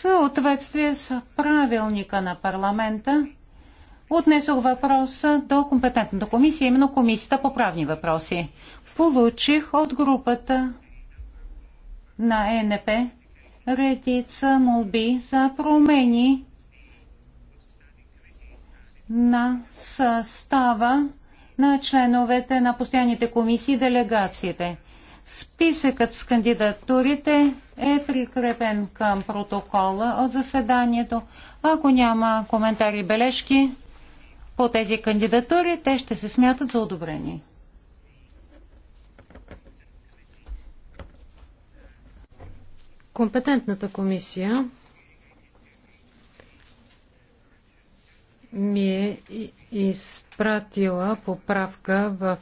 съответствие с правилника на парламента отнесох въпроса до компетентната комисия, именно комисията по правни въпроси. Получих от групата на ЕНП редица молби за промени на състава на членовете на постоянните комисии и делегациите – Списъкът с кандидатурите е прикрепен към протокола от заседанието. Ако няма коментари и бележки по тези кандидатури, те ще се смятат за одобрени. Компетентната комисия ми е изпратила поправка в